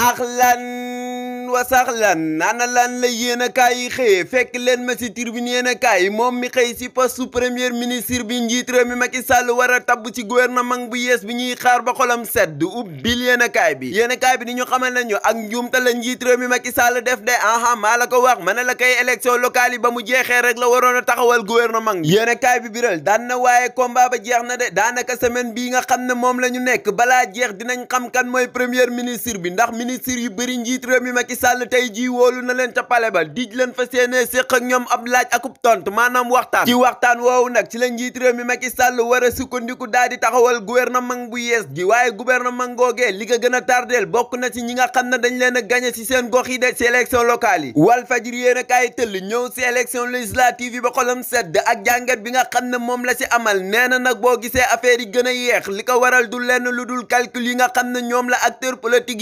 axlan wa saxlan ana lan la yéen a yi xëyee fekk leen ma ci tribune yéen a yi moom mi xëy ci poste premier ministre bi njiit réew mi Macky Sall war a tabb ci gouvernement bu yees bi ñuy xaar ba xolam sedd ubbil yéen a kaay bi yéen a bi di ñu xamal nañu ak njuumte la njiit réew mi Macky Sall def de aha maa la ko wax ma ne la kay élection locale yi ba mu jeexee rek la waroon a taxawal gouvernement bi yéen a kaay bi biral daan na waaye combat ba jeex na de daanaka semaine bii nga xam ne moom la ñu nekk balaa jeex dinañ xam mooy premier ministre bi ministre yu bëri njiit réew mi Macky Sall tey jii wóolu na leen ca pale ba dij leen fa séenee séq ak ñoom ci waxtaan woowu nag ci la njiit réew mi Macky Sall war a sukkandiku daal taxawal gouvernement bu yees gi waaye gouvernement googee li ko gën a tardeel bokk na ci ñi nga xam ne dañ leen a gagné ci seen gox de ci élection locale yi wal fajir yéen a kaay tëll ñëw ci élection législative yi ba xolam sedd ak jàngat bi nga xam ne moom la ci amal nee na nag boo gisee affaire yi gën a yeex li ko waral du lenn lu dul yi nga xam ne ñoom la acteur politique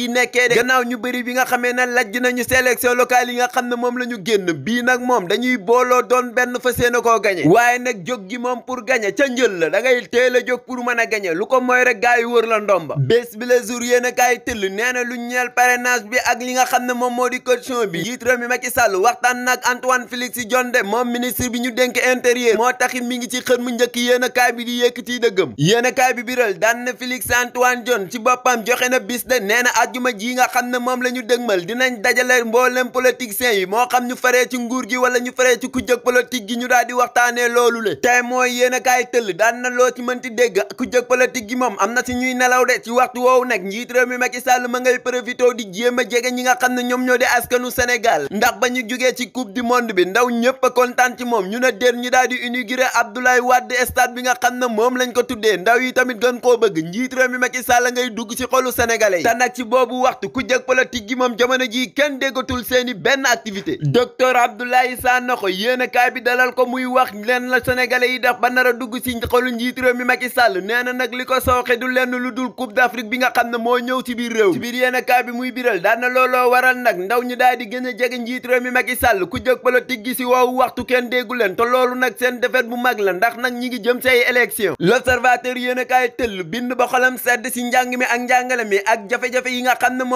gannaaw ñu bëri bi nga xamee ne lajj nañu sélection locale yi nga xam ne moom la ñu génn bii nag moom dañuy booloo doon benn fa séen koo gañe waaye nag jóg gi moom pour gañe ca njël la da ngay teel a jóg pour mën a gañe lu ko mooy rek yi wër la ndomba bés bi la jour yéen a kaay tëll nee na lu ñeel parrainage bi ak li nga xam ne moom moo di caution bi njiit réew mi Macky Sall waxtaan nag Antoine Félix Diome moom ministre bi ñu dénk intérieur moo taxit mi ngi ci xër mu njëkk yéen a kaay bi di yëkkati dëggam yéen a kaay bi biral daan na Félix Antoine Diome ci boppam joxe na bis de nee na ajjuma ji nga nga xam ne moom la ñu dëgmal dinañ dajale mboolem politiciens yi moo xam ñu faree ci nguur gi wala ñu faree ci kujjëg politique gi ñu daal di waxtaanee loolu le tey mooy yéen a kaay tëll daan na loo ci mënti dégg kujjëg politique gi moom am na si ñuy nelaw de ci waxtu woowu nag njiit réew mi Macky Sall ma ngay profité di jéem a jege ñi nga xam ne ñoom ñoo di askanu Sénégal ndax ba ñu jugee ci coupe du monde bi ndaw ñëpp kontaan ci moom ñu ne déet ñu daal di inauguré Abdoulaye Wade stade bi nga xam ne moom lañ ko tuddee ndaw yi tamit gën koo bëgg njiit réew mi Macky Sall ngay dugg ci xolu sénégalais yi ci boobu waxtu ku jëg politique gi moom jamono ji kenn déggatul seeni benn activité docteur Abdoulaye Sanokho yéen a kaay bi dalal ko muy wax leen la senegale yi def ba nar a dugg si xolu njiitu réew mi Macky Sall nee na nag li ko sooxe du lenn lu dul coupe d'Afrique bi nga xam ne moo ñëw ci biir réew si biir yéen a kaay bi muy biral daan na looloo waral nag ndaw ñu daal di gën a jege njiitu réew mi Macky Sall ku jëg politique gi si woowu waxtu kenn déggu leen te loolu nag seen defet bu mag la ndax nag ñi ngi jëm say élection l'observateur yéen a kaay tëll bind ba xolam sedd si njàng mi ak njàngale mi ak jafe yi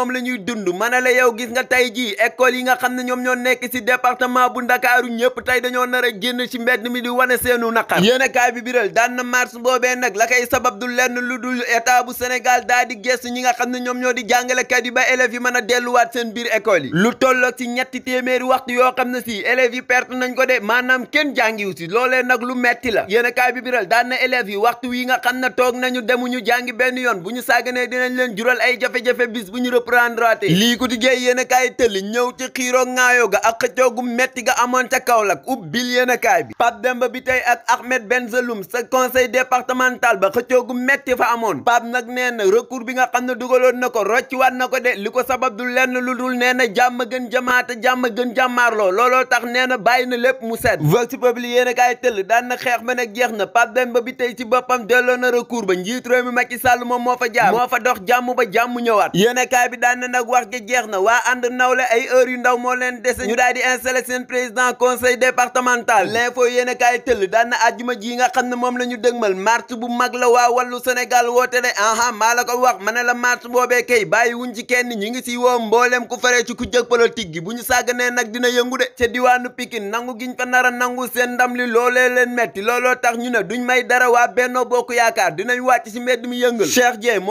moom dund ma ne la yow gis nga tey jii école yi nga xam ne ñoom ñoo nekk si département bu ndakaaru ñëpp tey dañoo nar génn ci mbedd mi di wane seenu naqar yéen kaay bi biral daan na mars boobee nag la koy sabab lu dul état bu Sénégal daa di gestu ñi nga xam ne ñoom ñoo di jàngalekat yi ba élèves yi mën a delluwaat seen biir école yi lu tolloog si ñetti téeméeri waxtu yoo xam ne si élèves yi perte nañ ko de maanaam kenn jàngiwu si loolee nag lu metti la yéen kaay bi biral daan na yi waxtu yi nga xam na toog nañu demuñu jàngi benn yoon bu ñu sàgganee dinañ leen jural ay jafe-jafe bis bu ñu reprendre te lii quotidien yéen a kaay tëll ñëw ci xiiroo ŋaayoo ga ak xëccoo gu metti ga amoon ca Kaolack ubbil yéen a kaay bi Pape Demba bi tey ak Ahmed Benzeloum sa conseil départemental ba xëccoo gu metti fa amoon Pape nag nee na recours bi nga xam ne dugaloon na ko waat na ko de li ko sabab du lenn lu dul nee na jàmm gën jamaata jàmm gën jàmmaarloo looloo tax nee na bàyyi na lépp mu set vox populi yéen a kaay tëll daan na xeex ba nag jeex na Pape Demba bi tey ci boppam delloo na recours ba njiit réew mi Macky Sall moom moo fa jaar moo fa dox jàmm ba jàmm ñëwaat daan na nag wax gi jeex na waa ànd nawle ay heure yu ndaw moo leen dese ñu daal di installé seen président conseil départemental l'info yéen kaay tëll daan na àjjuma ji nga xam ne moom la ñu dëgmal marche bu mag la waa wàllu Sénégal woote de aha maa la ko wax ma ne la marche boobee kay bàyyi wuñ ci kenn ñi ngi ci woo mbooleem ku faree ci ku jëg politique gi bu ñu sàgganee nag dina yëngu de ca diwaanu Pikine nangu giñ fa nar nangu seen ndam li loolee leen metti looloo tax ñu ne duñ may dara waa Benno Bokk Yaakaar dinañ wàcc si mbedd mi yëngal Cheikh Dieng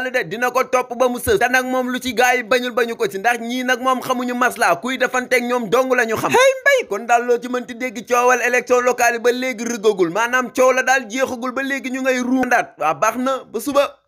jàll de dina ko topp ba mu sës te nag moom lu ci gaay yi bañul bañu ko ci ndax ñii nag moom xamuñu masla kuy defanteek ñoom dong la ñu xam hey mbay kon daal loo ci mënti dégg coowal élection locale yi ba léegi rëggagul maanaam coow la daal jéexagul ba léegi ñu ngay ruumandaat waa baax na ba suba